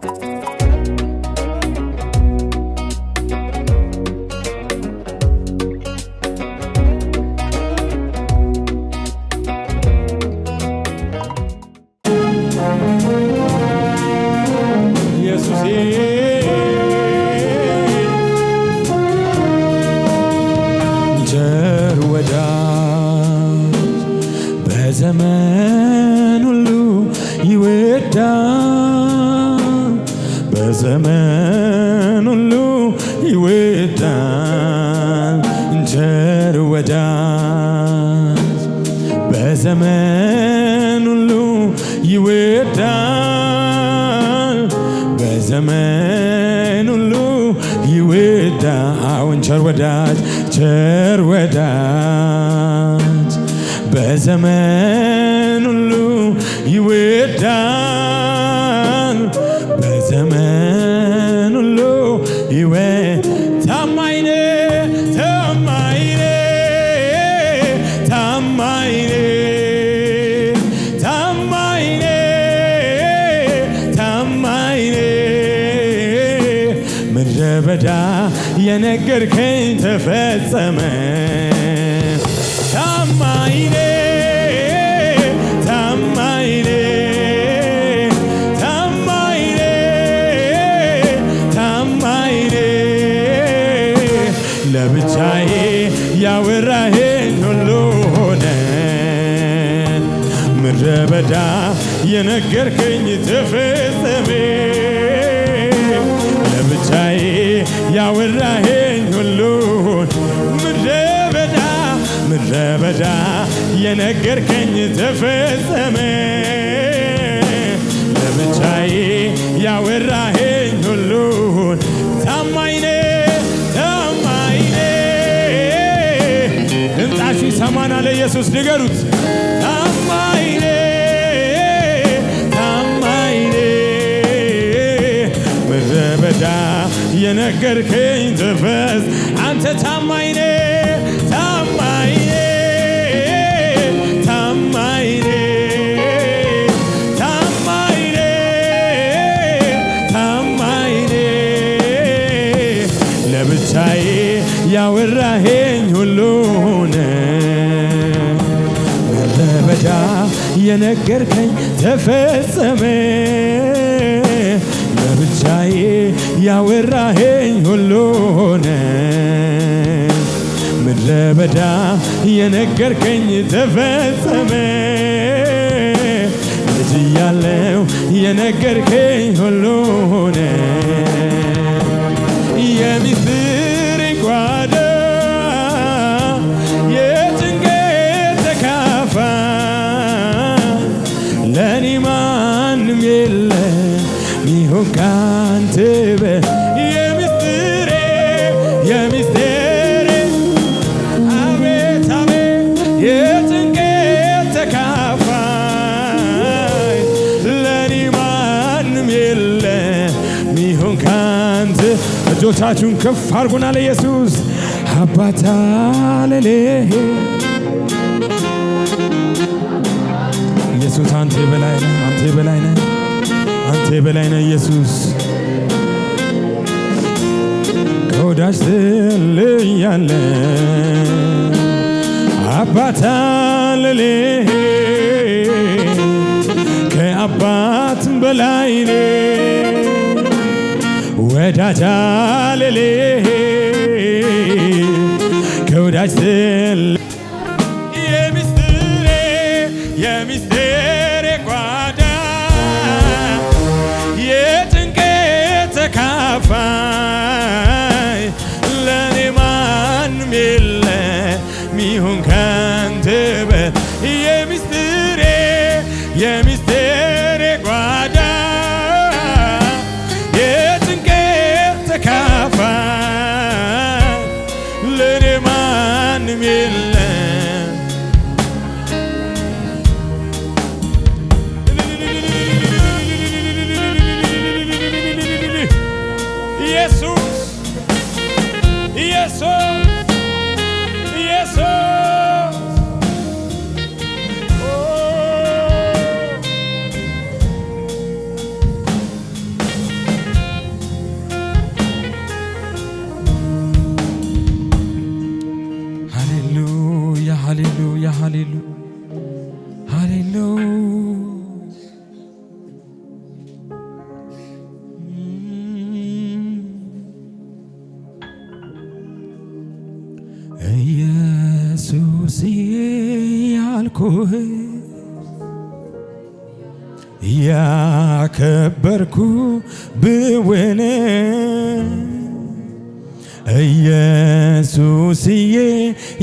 Thank you. ቸር ወዳጅ በዘመን ሁሉ ይወዳል፣ በዘመን ሁሉ ይወዳል። አዎን ቸር ወዳጅ ቸር ወዳጅ በዘመን ሁሉ ይወዳል፣ በዘመን ሁሉ ይወዳል የነገርከኝ ተፈጸመ። ታማኝነ ታማኝነ ታማኝነ ታማኝነ ለብቻዬ ያወራህን ሁሉ ሆነ ምድረ በዳ የነገርከኝ ተፈጸመ ለብቻዬ ያወራ በምድረ በዳ የነገርከኝ ተፈጸመ። ለብቻዬ ያወራኸኝ ሁሉን ታማኝነ ታማኝነ ድምጣችሁ ይሰማና ለኢየሱስ ንገሩት ታማኝነ ታማኝነ ምድረ በዳ የነገርከኝ ተፈጽ አንተ ታማኝነ የነገርከኝ ተፈጸመ ለብቻዬ ያወራኸኝ ሁሉ ሆነ ምድረ በዳ የነገርከኝ ተፈጸመ ልጅ እያለሁ የነገርከኝ ሁሉ ሆነ የለ ሚሆን ካንተ የምስጢሬ የምስጢሬ አቤት አቤት የጭንቄ ተካፋይ ለኔ ማንም የለ ሚሆን ካንተ እጆቻችሁን ከፍ አድርጉና ለኢየሱስ አባታ ለሌ ኢየሱስ አንተ በላይ ነህ፣ አንተ በላይ ነህ። ከአንተ በላይ ነው ኢየሱስ ከወዳጅ ትለያለ በላይ ወዳጅ ከወዳጅ ትለ Yemistir, e, yemistir. እንደዚህ ያልኩህ ያከበርኩ ብውን ኢየሱስዬ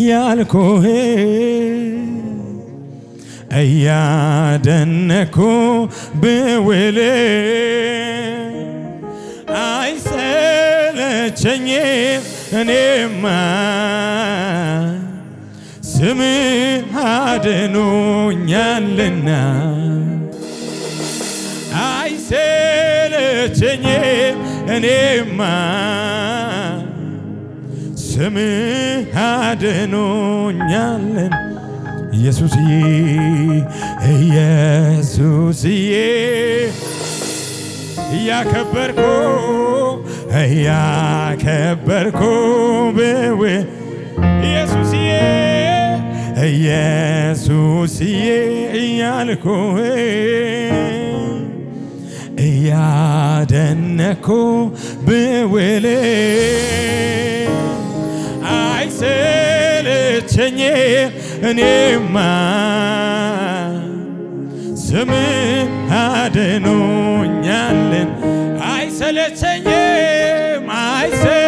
ያልኩህ እያደነኩ ብውል አይሰለቸኝ እኔማ ስም አድኖኛልና አይሰለቸኝም እኔማ ስም አድኖኛልን ኢየሱስዬ ኢየሱስዬ እያከበርኩ እያከበርኩ ብው ኢየሱስዬ ኢየሱስዬ እያልኩ እያደነኩ ብውል አይሰለቸኝ እኔማ ስም አድኖኛልን አይሰለቸኝም አይሰ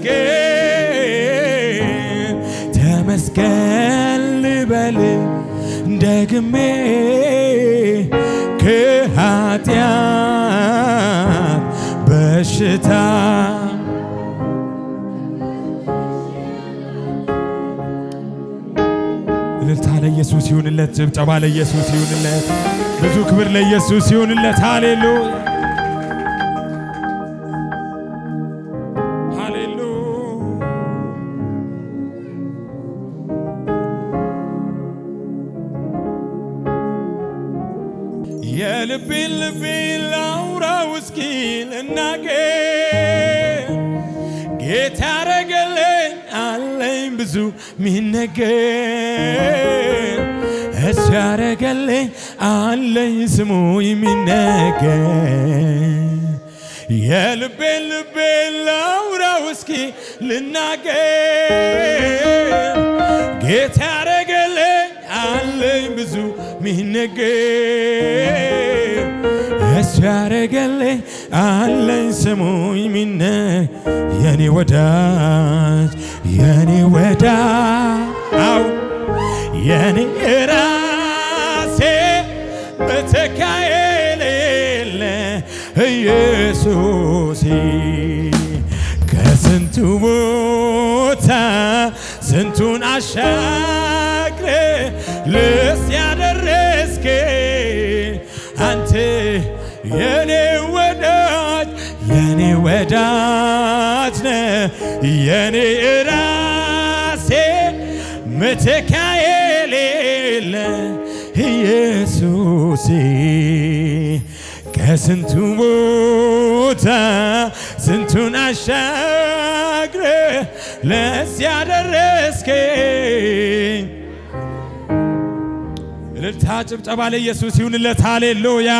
ተመስገን ተመስገን ልበል ደግሜ ከኃጢአት በሽታ እልልታ ለኢየሱስ ይሁንለት፣ ጭብጨባ ለኢየሱስ ይሁንለት፣ ብዙ ክብር ለኢየሱስ ይሁንለት። ሃሌሉያ የልቤን ልቤን ላውራው እስኪ ልናገር ጌታ ያረገለኝ አለኝ ብዙ ሚነገር እሱ ያረገለኝ አለኝ ስሙ የሚነገር የልቤን ልቤን ላውራው እስኪ ልናገር ጌታ ያረገለኝ አለኝ ብዙ ሚነገር እሱ ያረገለኝ አለኝ ስሙኝ ሚነ የኔ ወዳጅ የኔ ወዳው የኔ ራሴ መተካዬ ኢየሱሴ ከስንቱ ቦታ ስንቱን አሻግሬ ልስ ያደረስኬ አንተ የኔ ወዳጅ የኔ ወዳጅ ነ የኔ ራሴ ምትካዬ ሌለ ኢየሱሴ ከስንቱ ቦታ ስንቱን አሻግረ ለዚያ ደረስከኝ። እልልታ ጭብጨባ ለኢየሱስ ይሁንለት። ሃሌሉያ